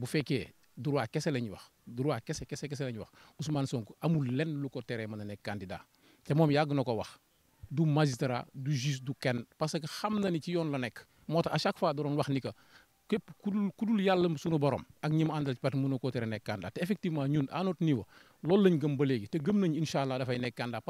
bu fekkee droit kese la ñuy wax droit kese kese kese la ñuy wax Ousmane Sonko amul lenn lu ko teree mën a nekk candidat te moom yàgg na ko wax du magistrat du juge du kenn parce que xam na ni ci yoon la nekk moo tax à chaque fois da wax ni que képp ku dul ku dul yàlla sunu borom ak ñi mu àndal ci parti mën na koo tere nekk candidat te effectivement ñun à notre niveau loolu lañ gëm ba léegi te gëm nañ incha allah dafay nekk candidat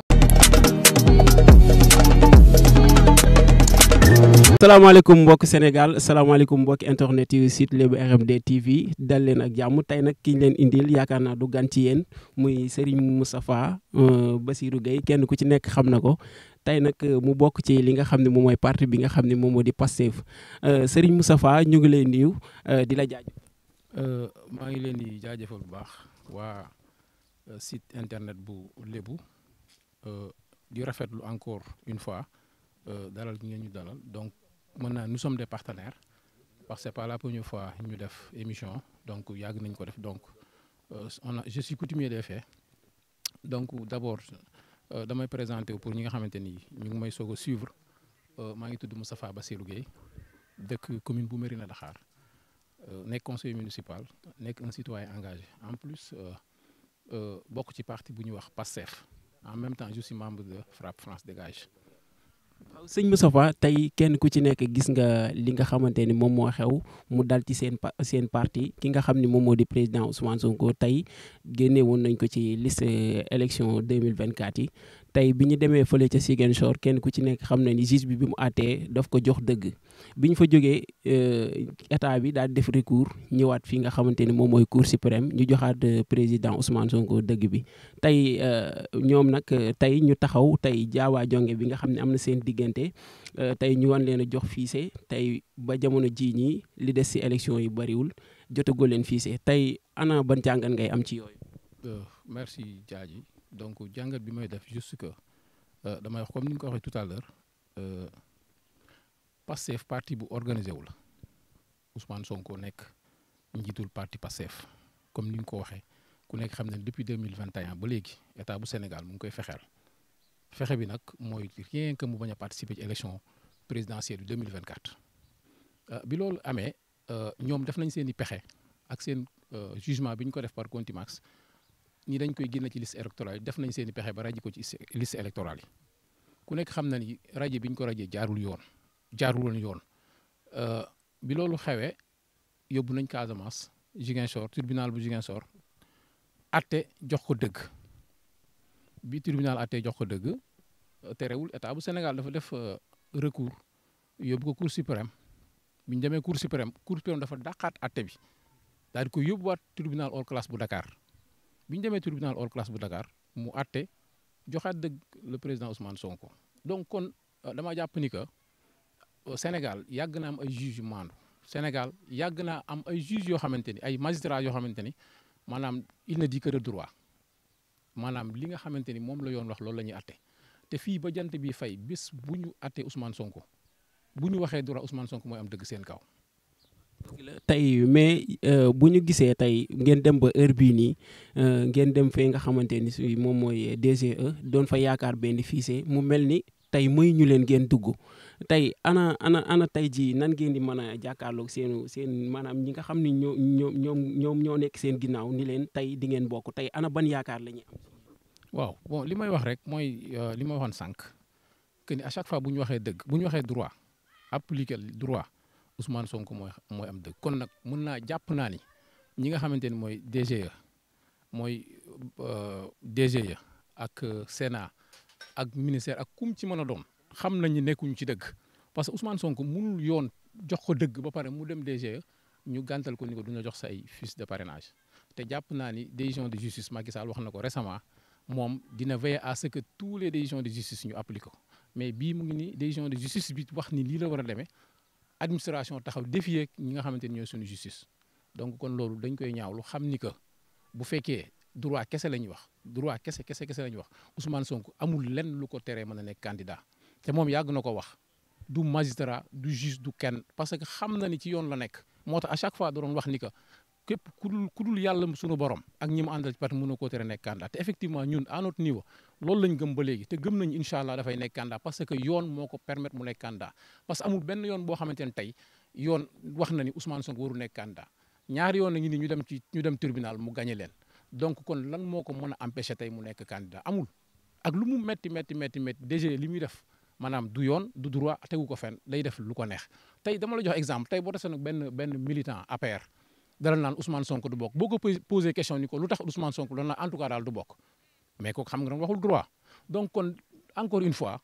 salaamaaleykum mbokk Sénégal salaamaaleykum mbokk internet yi site Lebu RMD TV dal leen ak jàmm tey nag ki leen indil yaakaar naa du gan ci yéen muy Serigne Moustapha euh, Bassirou Gueye kenn ku ci nekk xam na ko tey nag euh, mu bokk ci li nga xam ne moom mooy parti bi nga xam ne moom moo di Pastef euh, Serigne Moustapha ñu ngi lay nuyu di la jaaj jaajëf. maa ngi leen di jaajëfal bu baax waa sit internet bu Lebu di rafetlu encore une fois. Euh, dalal gi ngeen ñu dalal donc mën nous sommes des partenaires parce que c'est pas la première fois ñu def émission donc yàgg nañ ko def donc euh, on je suis coutumier des faits donc d'abord euh, damay présenter pour ñi nga xamante ni ñu ngi may soog a suivre maa ngi tudd Moustapha Bassirou Guèye dëkk commune bu Mérina Dakhar nekk conseiller municipal nekk un citoyen engagé en plus bokk ci parti bu ñu wax PASSEF en même temps je suis membre de Frappe France Dégage sëñ Moustapha tey kenn ku ci nekk gis nga li nga xamante ni moom moo xew mu dal ci seen seen parti ki nga xam ni moom moo di président Ousmane ko tey génne woon nañ ko ci liste élection 2024 yi tey bi ñu demee fële ca Ziguinchor kenn ku ci nekk xam na ni juge bi bi mu àttee daf ko jox dëgg bi ñu fa jógee euh, état bi daal def recours ñëwaat fii nga xamante ni moom mooy cour suprême ñu joxaat euh, président Ousmane Sonko dëgg bi. tey euh, ñoom nag tey ñu taxaw tey jaawaa jonge bi nga xam ne am na seen diggante tey ñu wan leen a jox fiise tey ba jamono jii ñii li des si élection yi bariwul jotagoo leen fiise tey ana ban jàngat ngay am ci yooyu. donc jàngat bi may def juste que euh, damay wax comme ni nga ko waxee tout à l'heure euh, passef parti bu organisé wu la Ousmane Sonko nekk njiitul parti passef comme ni nga ko waxee ku nek xam depuis 2021 mille et ba état bu Sénégal mu ngi koy fexel fexé bi nak moy rien que mu bañ participer ci élection présidentielle bi 2024 mille vingt quatre euh, bi loolu amee ñoom def nañ seeni pexé ak seen jugement biñ ko def par contumace ñi dañ koy génne ci liste électorale yi def nañ seeni pexe ba rajo ko ci liste électorale yi ku nekk xam na ni rajo bi ko rajo jaarul yoon jaarul yoon euh, bi loolu xewee yóbbu nañ Casamance Ziguinchor tribunal bu Ziguinchor atte jox ko dëgg bi tribunal atte jox ko dëgg euh, terewul état bu Sénégal dafa def euh, recours yóbbu ko cour suprême bi demee cour suprême cour suprême dafa dàqaat atte bi daal di ko yóbbuwaat tribunal hors classe bu Dakar. bi ñu demee tribunal hors classe bu Dakar mu àtte joxaat dëgg le président Ousmane Sonko. donc kon euh, dama jàpp ni que euh, Sénégal yàgg na am ay juges yu maandu Sénégal yàgg naa am ay juges yoo xamante ni ay magistrats yoo xamante ni maanaam il ne dit que de droit maanaam li nga xamante ni moom la yoon wax loolu la ñuy àtte te fii ba jant bi fay bis bu ñu àttee Ousmane Sonko bu ñu waxee droit Ousmane Sonko mooy am dëgg seen kaw. tey mais euh, bu ñu gisee tey ngeen dem ba heure bii nii euh, ngeen dem fee nga xamante ni si moom mooy DGE doon fa yaakaar benn fiise mu mel ni tey muy ñu leen ngeen dugg tey ana ana ana tey jii nan ngeen di mën a jàkkaarloog seen seen maanaam ñi nga xam ni ñoo ñoom ñoom ñoo nekk seen ginnaaw ni leen tey di ngeen bokk tey ana ban yaakaar lañu am. waaw bon li may wax rek mooy euh, li ma waxoon sànq que ni à chaque fois bu ñu waxee dëgg bu ñu waxee droit appliquer droit. Ousmane Sonko moy moy am dëgg kon nak mën naa jàpp naa ni ñi nga xamante ni mooy moy mooy euh, DGE ak euh, Sénat ak ministère ak kum ci mëna doon xam nañu nekkuñu ci deug parce que Ousmane Sonko mënul yoon jox ko deug ba paré mu dem DGE ñu gantal ko ni ko du ñu jox say fils de parrainage té japp naa ni décision de justice Macky Sall wax na ko récemment mom dina veiller à ce que tous les décisions de justice ñu appliqué mais bi mu ngi ni décision de justice bi wax ni li la wara démé administration taxaw défier ñi nga xamante ni ñooy suñu justice donc kon loolu dañ koy ñaaw ñaawlu xam ni que bu fekkee droit kese la ñuy wax droit kese kese kese la ñuy wax Ousmane Sonko amul lenn lu ko teree mën a nekk candidat te moom yàgg na ko wax du magistrat du juge du kenn parce que xam na ni ci yoon la nekk moo tax à chaque fois da doon wax ni que képp kudul kudul yàlla sunu borom ak ñi mu àndal ci pat mënoo koo tere nekk candidat te effectivement ñun à notre niveau loolu lañ gëm ba léegi te gëm nañ incha allah dafay nekk candidat parce que yoon moo ko permettre mu nekk candidat parce que amul benn yoon boo xamante ne tey yoon wax na ni Ousmane Sonko waru nekk candidat ñaari yoon la ñu ni ñu dem ci ñu dem tribunal mu gagné leen donc kon lan moo ko mën a empêcher tey mu nekk candidat amul ak lu mu metti metti metti metti DG li muy def manam du yoon du droit tegu ko fenn day def lu ko neex tey dama la jox exemple tey boo desee nag benn benn militant APR dara naan Ousmane Sonko du bokk boo ko question ni ko lutax Ousmane Sonko dana en tout cas dal du bok mais ko xam nga doon waxul droit donc kon encore une fois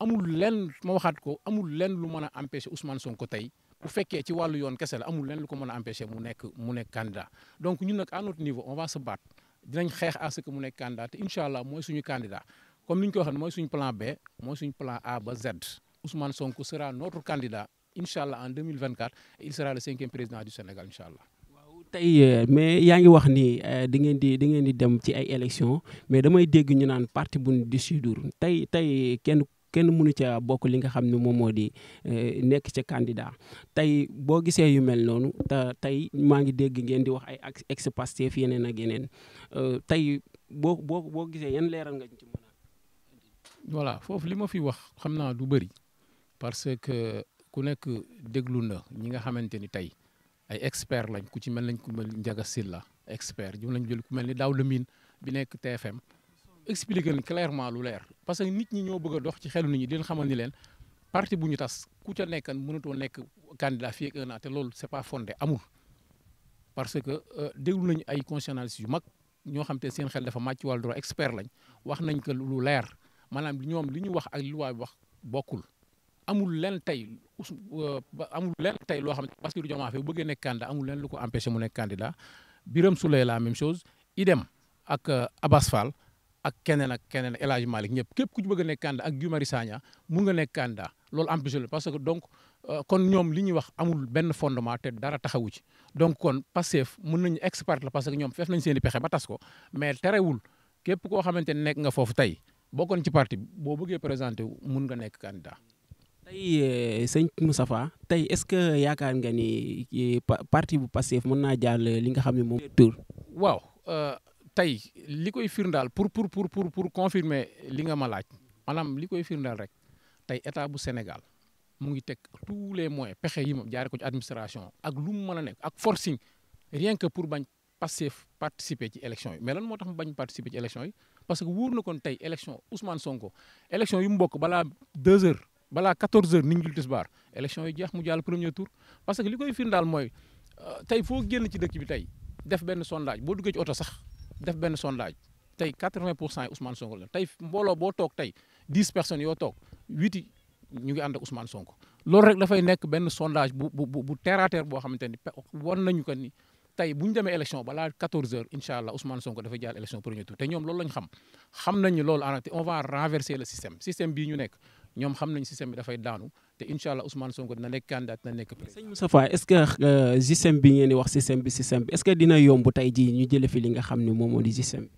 amul len ma waxat ko amul len lu meuna a empêcher Ousmane Sonko tay bu fekke ci walu yone kese amul len lu ko meuna a empêcher mu nek mu nek candidat donc ñun nak à notre niveau on va se battre dinañ xex à ce que mu nek candidat te incha allah suñu candidat comme ni ñu ko waxee moy suñu plan B moy suñu plan A ba Z Ousmane Sonko sera notre candidat inshallah en 2024 il sera le cinquième président du Sénégal inshallah tey euh, mais yaa ngi wax ni euh, di ngeen di di ngeen di dem ci ay élections mais damay dégg ñu naan parti bu di sudur tey tey kenn kenn mënu ca bokk li nga xam ne moom moo di euh, nekk ca candidat tey boo gisee yu mel noonu te tey maa ngi dégg ngeen di wax ay ex Pastef yeneen ak yeneen tey boo boo boo gisee yan leeral nga ci mën a. voilà foofu li ma fi wax xam naa du bëri parce que ku nekk déglu na ñi nga xamante ni tey. ay expert lañ ku ci mel nañ ku mel Ndiaga la expert jum lañ jël ku mel ni daaw Lamine bi nekk TFM expliqué leen clairement lu leer parce que nit ñi ñoo bëgg a dox ci xelu nit ñi di leen xamal ni leen parti bu ñu tas ku ca nekk mënatoo nekk candidat fii ak un an te loolu c'est pas fondé amul parce que euh, déglu nañu ay constitutionnalistes yu mag ñoo xam te seen xel dafa màcc wàllu droit expert lañ wax nañ ko lu leer manaam maanaam ñoom li ñu wax ak li waa wax bokkul amul leen tey us euh, amul lenn tey loo xam ne parce que du Diomaye bu bëggee nekk candidat amul lenn lu ko empêché mu nekk candidat Birame Souleye la même chose dem ak euh, abas Fall ak keneen ak keneen El Hadj Malick ñëpp képp ku ci bëgg a nekk candidat ak Guy Marius Sagna mun nga nekk candidat loolu empêché la parce que donc euh, kon ñoom li ñuy wax amul benn fondement te dara taxawu ci donc kon Pastef mën nañu expert la parce que ñoom fef nañ seeni pexe ba tas ko mais terewul képp ko xamante ne nekk nga foofu tey boo kon ci parti boo bëggee présenté wu mun nga nekk candidat tey euh, sëñ est-ce que yaakaar nga ni parti pour pour pour pour pour confirmer li nga ma laaj maanaam li Sénégal tous les moyens pexe yi jaare administration rien que pour participer ci élection mais lan moo tax participer parce que wóor kon élection Ousmane Sonko élection yi deux heures. balaa 14 heures ni ñu jul tisbaar élection yi jeex mu jàll premier tour parce que li koy firndaal mooy euh, tey foo génn ci dëkk bi tey def benn sondage boo duggee ci oto sax def benn sondage tey 80 pour cent yi Ousmane Sonko la tey mbooloo boo toog tey 10 personnes yoo toog 8 ñu ngi ànd a Ousmane Sonko loolu rek dafay nekk benn sondage bu bu bu terre à terre boo xamante ni war nañu ko ni tey bu ñu demee élection balaa 14 heures incha allah Ousmane Sonko dafay jaar élection premier tour te ñoom loolu lañ ñu nekk. ñom xam nañ système bi da fay daanu té inshallah Ousmane Sonko dina nek candidat dina nek président. sëñ Moustapha est-ce que euh, système bi ngeen di wax système bi système bi est-ce que dina yomb tay ji ñu jël fi li nga xamni ne moom moo système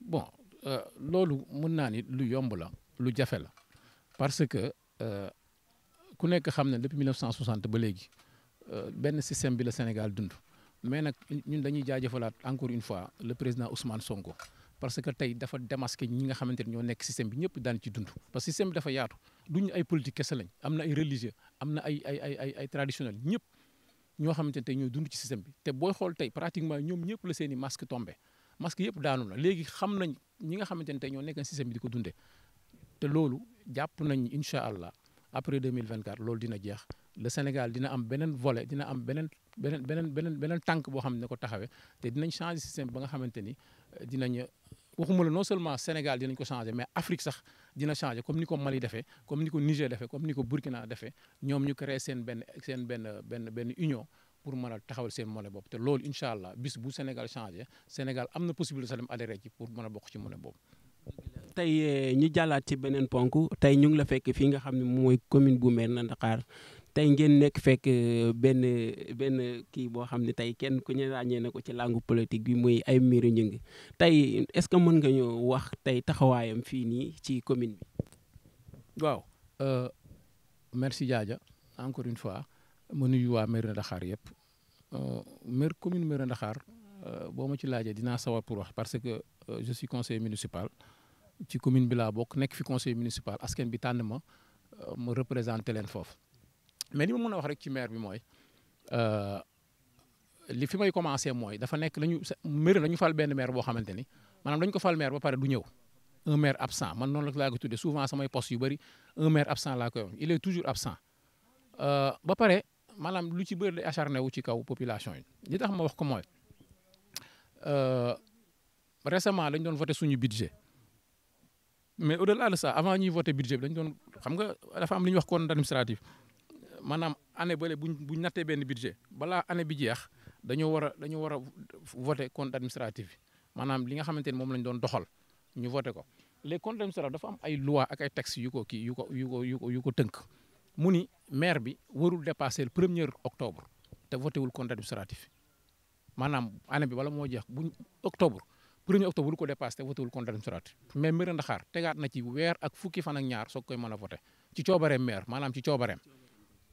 bon euh, loolu mën naa ni lu yomb la lu jafé la parce que euh ku nek xam depuis 1960 ba légui euh ben système bi la Sénégal dund mais nak ñun dañuy jaajëfalaat encore une fois le président Ousmane Sonko parce que tay dafa démasqué ñi nga xamante ni ñoo nekk système bi ñëpp daan ci dund parce que système bi dafa yaatu. duñu ay politique kese lañ am na ay religieux am na ay ay ay ay ay traditionnel ñëpp ñoo xamante ne tey ñooy dund ci système bi te booy xool tey pratiquement ñoom ñëpp la seen i masque tombé masque yëpp daanu na léegi xam nañ ñi nga xamante ne tey ñoo nekk système bi di ko dundee te loolu jàpp nañ incha allah après 2024 loolu dina jeex le Sénégal dina am beneen volet dina am beneen beneen beneen beneen beneen tànk boo xam ne ko taxawee te dinañ changer système ba nga xamante ni dinañ waxuma la non seulement Sénégal dinañ ko changé mais Afrique sax dina changé comme ni ko Mali defee comme ni ko Niger defee comme ni ko Burkina defee ñoom ñu créé seen benn seen benn benn benn union pour mën a taxawal seen monnaie bopp te loolu incha allah bis bu Sénégal changé Sénégal am na possibilité sax dem adhéré ci pour mën a bokk ci monnaie boobu. tey eh, ñu jàllaat ci beneen ponk tey ñu ngi la fekk fii nga xam ne mooy commune bu Mérina Dakhar tey ngeen nekk fekk euh, benn benn kii boo xam ne tey kenn ku ñu ràññee na ko ci langue politique bi muy Aymérou Gningue tey est-ce que mën nga ñu wax tey taxawaayam fii nii ci commune bi. waaw euh, merci Diadia encore une fois ma nuyu waa Mérina Dakhar yëpp euh, maire commune Mérina Dakhar boo ma ci laajee dinaa sawar pour wax parce que je suis municipal ci commune bi laa bokk nekk fi conseiller municipal askan bi tànn ma ma représenté leen foofu. mais li ma mën a wax rek ci maire bi mooy euh, li fi may commencé mooy dafa nekk lañu maire dañu fal benn maire boo xamante ni maanaam dañu ko fal maire ba pare du ñëw un maire absent man noonu laa ko tuddee souvent samay postes yu bëri maire absent laa koy wax il est toujours absent euh, ba pare maanaam lu ci bëri day wu ci kaw population yi li tax ma wax ko mooy euh, récemment dañ doon voté suñu budget mais au delà de ça avant ñuy voté budget bi doon xam nga dafa am li ñuy wax compte administratif maanaam année bële bu buñ nattee benn budget balaa année bi jeex dañoo war dañoo war a voté compte administratif maanaam li nga xamante ni moom lañ doon doxal ñu voté ko les comptes administratifs dafa am ay loi ak ay textes yu ko kii yu ko yu ko yu ko tënk mu ni maire bi warul dépasser le premier octobre te voté wul compte administratif maanaam année bi wala moo jeex buñ octobre premier octobre bu ko dépassé te voté wul compte mais maire Ndaxaar tegaat na ci weer ak fukki fan ak ñaar soog koy mën a voté ci coobareem maire maanaam ci coobareem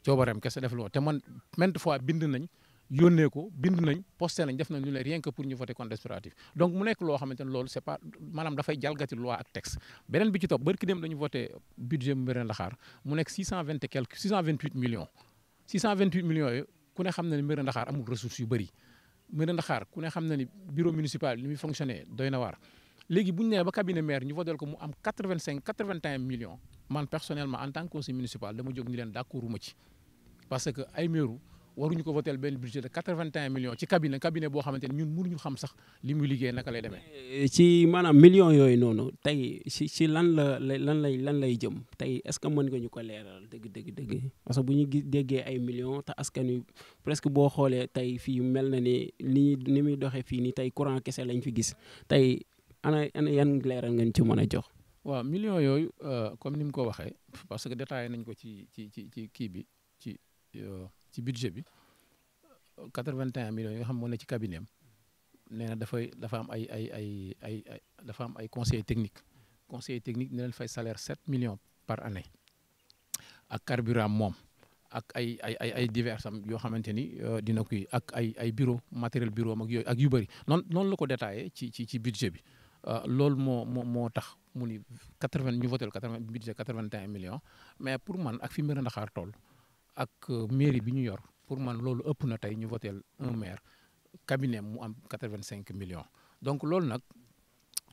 coobareem kese def loo te man maintes fois bind nañ yónnee ko bind nañ posté nañ def nañ lu ne rien que pour ñu voter compte exploratif donc mu nekk loo xamante ne loolu c'est pas maanaam dafay jalgati loi ak texte beneen bi ci topp barki dem dañu voté budget Mbiré Ndaxaar mu 620 et quelque 628 millions 628 millions yooyu ku ne xam na ne Mbiré Ndaxaar amul ressources yu bëri Mbiré Ndaxaar ku ne xam na ni bureau municipal li muy fonctionner doy na waar léegi bu ñu nee ba cabinet maire ñu voté ko mu am 85 81 millions man personnellement en tant que conseiller municipal dama jóg ni leen d'accord ci parce que ay meeru waruñu ko votel benn budget de quatre-vingt-un millions ci cabinet cabinet boo xamante ne ñun mënuñu xam sax li muy liggéey naka lay demee. ci maanaam millions yooyu noonu tey si si lan la lan lay lan lay jëm tey est-ce que mën nga ñu ko leeral dëgg dëgg dëgg parce que bu ñu déggee ay millions te askan presque boo xoolee tey fii mel na ni ni ni muy doxee fii nii tey courant kese lañ fi gis tey ana ana yan leeral ngeen ci mën a jox. waaw millions yooyu euh, comme ni mu ko waxee parce que détaillé nañ ko ci ci ci ci kii bi. Euh, ci budget bi 81 millions yoo xam moo ne ci cabinet am nee na dafay dafa am ay ay ay ay ay dafa am ay conseillers techniques conseillers techniques ne leen fay salaire 7 millions par année ak carburant moom ak ay ay ay ay divers am yoo xamante ni euh, dina kuy ak ay ay bureau matériel bureau ak yooyu ak yu bëri noonu noonu la ko détaillé ci ci ci budget bi euh, loolu moo moo moo tax mu ni 80 ñu voté 80 budget 81 millions mais pour man ak fi mbir a Ndaxaar toll ak euh, mairie bi ñu yor pour man loolu ëpp na tey ñu voter un mm. maire cabinet mu am 85 millions donc loolu nag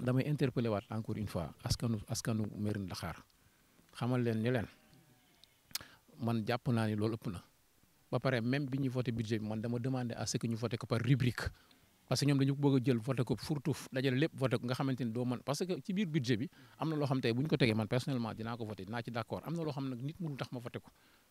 damay interpeller waat encore une fois askanu askanu Mérina Dakhar xamal leen ni leen man jàpp naa ni loolu ëpp na ba pare même bi ñu voté budget bi man dama demander à ce que ñu voter ko par rubrique parce que ñoom dañu bëgg a jël voter ko furtuf dajale lépp voter ko nga xamante ni doo mën parce que ci biir budget bi am na loo xam tey bu ñu ko tegee man personnellement dinaa ko voter dinaa ci d'accord am na loo xam nag nit mënu tax ma voté ko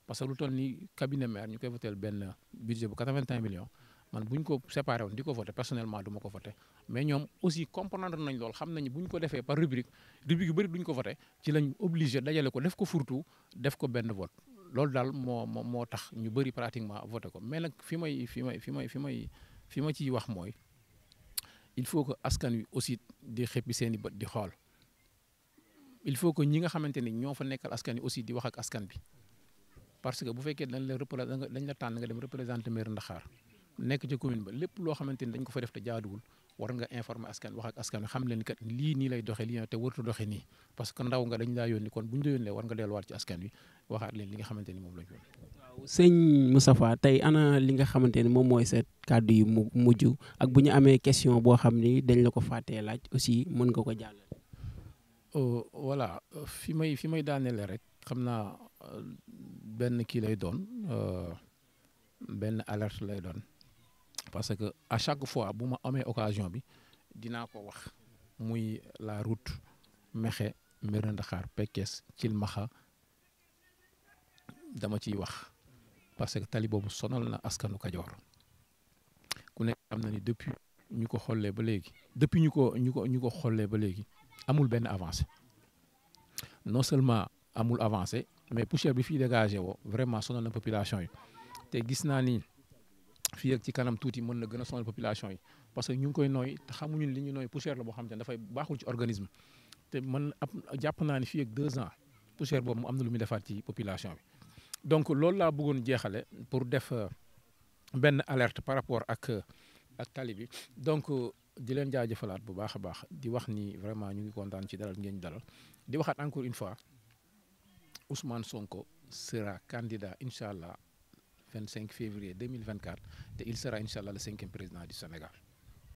parce que lu toll ni cabinet maire ñu koy voté benn budget bu 81 millions man buñ ko séparé won diko ko voté personnellement duma ko voté mais ñom aussi comprendre nañ lool xam nañ buñ ko défé par rubrique rubrique bari duñ ko voté ci lañ obligé dajalé ko def ko furtu def ko ben vote lool dal mo mo tax ñu bari pratiquement voté ko mais nak fi may fi may fi may fi may fi ma ciy wax moy il faut que askan wi aussi di xëppi seen i bët di xool il faut que ñi nga xamanteni ni ñoo fa nekkal askan wi aussi di wax ak askan bi parce que bu fekkee dañ la représenté dañ la tànn nga dem représenté maire Ndaxaar nekk ci commune ba lépp loo xamante ni dañ ko fa def te jaaduwul war nga informer askan wax ak askan xam leen kat lii nii lay doxee lii te warut a doxee nii parce que ndaw nga dañ laa yónni kon bu ñu la yónnee war nga delluwaat ci askan wi waxaat leen li nga xamante ni moom mooy sa kàddu yu mu mujj ak bu ñu amee question boo xam ni dañ la ko fàttee laaj aussi mën nga ko jàllale. Euh, voilà fi may fi may daanelee rek xam naa ben qui lay euh, ben alerte parce que à chaque fois ma occasion bi dina ko wax la route Mekhe Pekes dama ci wax parce que tali bobu sonal na askanu kadior kune route, ni depuis ñuko ko ba depuis ñuko ñuko ñuko amul non seulement amul avancé mais poussière bi fi dégagé vraiment sonal na population yi te gis na ni fi ak ci kanam touti mën na gëna a sonal population yi parce que ñu ngi koy nooy te xamuñu li ñu noy poussière la bo xam te ne dafay ci organisme té man japp na ni fi ak deux ans poussière bobu amna lu mi defaat ci population bi donc lool la bëggoon jéxalé pour def ben alerte par rapport ak euh, ak talibi donc euh, di leen jaajëfalaat bu baax a baax di wax ni vraiment ñu ngi kontaan ci dalal ngeen dalal di waxaat encore une fois Ousmane Sonko sera candidat incha allah 25 février 2024 te il sera incha allah le cinquième président du Sénégal.